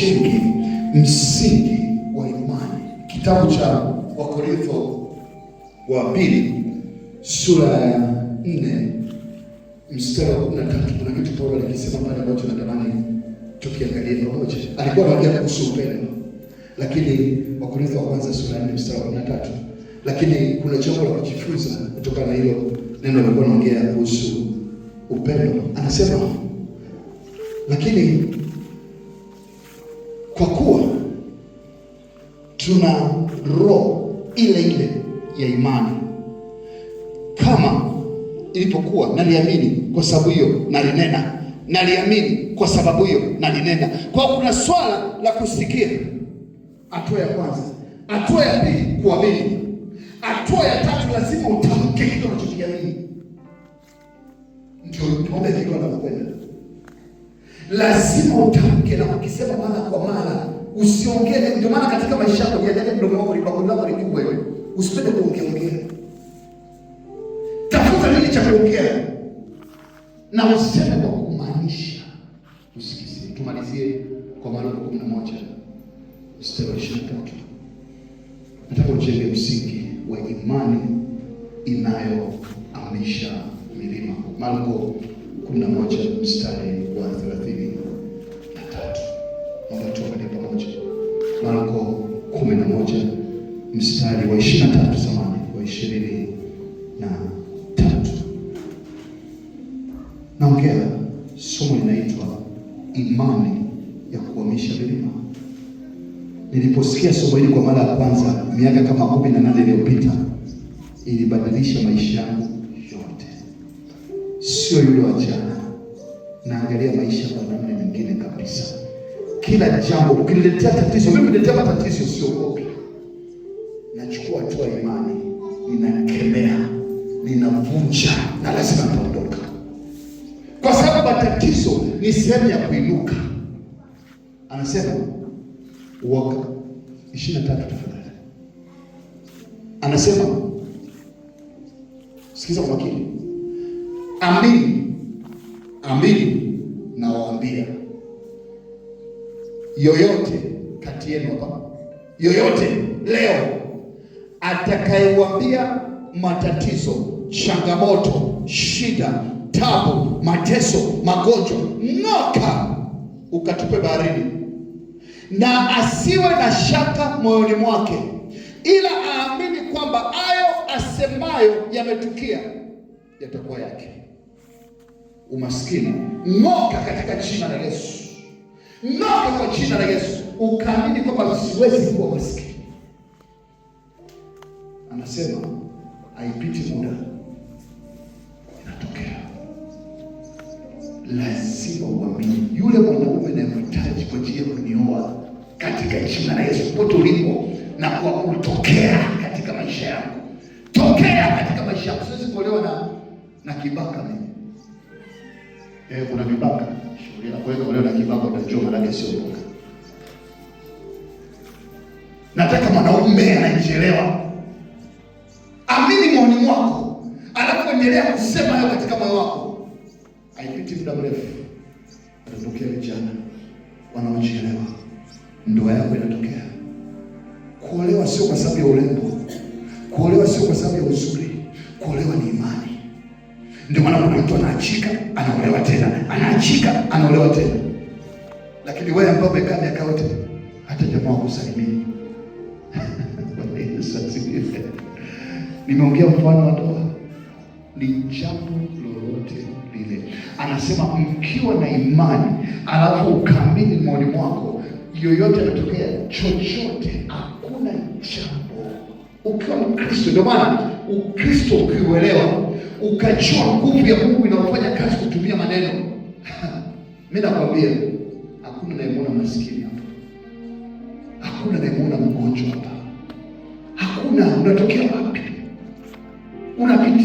msingi msingi wa imani. Kitabu cha Wakorintho wa pili sura ya nne mstari wa kumi na tatu kuna kitu Paulo alikisema pale ambacho natamani tukiangalia pamoja. Alikuwa anaongea kuhusu upendo, lakini Wakorintho wa kwanza sura ya nne mstari wa kumi na tatu lakini kuna jambo la kujifunza kutokana na hilo neno. Alikuwa anaongea kuhusu upendo, anasema lakini kwa kuwa tuna roho ile ile ya imani kama ilipokuwa naliamini, kwa sababu hiyo nalinena, naliamini, kwa sababu hiyo nalinena. Kwa kuna swala la kusikia, hatua ya kwanza. Hatua ya pili kuamini. Hatua ya tatu lazima utamke kitu unachokiamini, ndio ombe ndio anakwenda lazima utamke na ukisema mara kwa mara, usiongee. Ndio maana katika maisha yako jiandalie, mdomo wako lipango lako likubwa wewe usipende kuongeongea. Tafuta nini cha kuongea na useme kwa kumaanisha, usikize. Tumalizie kwa Marko kumi na moja mstari wa ishirini na tatu. Nataka ujenge msingi wa imani inayoamrisha milima. Marko kumi na moja mstari moja mstari wa ishirini na tatu samani wa ishirini na tatu naongea somo linaitwa imani ya kuhamisha milima Niliposikia somo hili kwa mara ya kwanza miaka kama kumi na nane iliyopita ilibadilisha maisha yangu yote, sio yule wa jana. Naangalia maisha kwa namna nyingine kabisa. Kila jambo ukiniletea tatizo, mimi niletea matatizo, sio kopi nachukua hatua imani, ninakemea, ninavunja na lazima nitaondoka, kwa sababu matatizo ni sehemu ya kuinuka. Anasema uoga ishirini na tatu tafadhali, anasema sikiza kwa makini, amini amini nawaambia yoyote kati yenu hapa, yoyote leo atakayewambia matatizo, changamoto, shida, tabu, mateso, magonjwa, ng'oka ukatupe baharini, na asiwe na shaka moyoni mwake, ila aamini kwamba ayo asemayo yametukia yatakuwa yake. Umaskini ng'oka katika jina la Yesu, ng'oka kwa jina la Yesu, ukaamini kwamba siwezi kuwa maskini anasema haipiti muda, inatokea. Lazima uamini yule mwanaume anayemhitaji kwa ajili ya kunioa katika jina la Yesu, pote ulipo na kwa kutokea katika maisha yangu, tokea katika maisha yangu. Siwezi kuolewa na na kibaka mimi. Eh, kuna kibaka shughuli yako kuweka wale na kibaka utajua maana yake sio. Nataka mwanaume anajielewa unapoendelea kusema hayo katika moyo wako, haipiti muda mrefu, atatokea vijana wanaochelewa, ndoa yako inatokea. Kuolewa sio kwa sababu ya urembo, kuolewa sio kwa sababu ya uzuri, kuolewa ni imani. Ndio maana kuna mtu anaachika, anaolewa tena, anaachika, anaolewa tena. Lakini wewe ambao umekaa miaka yote, hata jamaa wakusalimia. nimeongea mfano wa ni jambo lolote lile. Anasema mkiwa na imani, alafu ukaamini moyoni mwako, yoyote ametokea chochote, hakuna jambo. Ukiwa Mkristo, ndio maana Ukristo ukiuelewa, ukajua nguvu ya Mungu inaofanya kazi kutumia maneno mi nakwambia, hakuna anayemwona maskini hapa, hakuna anayemwona mgonjwa hapa, hakuna. Unatokea wapi? unapitia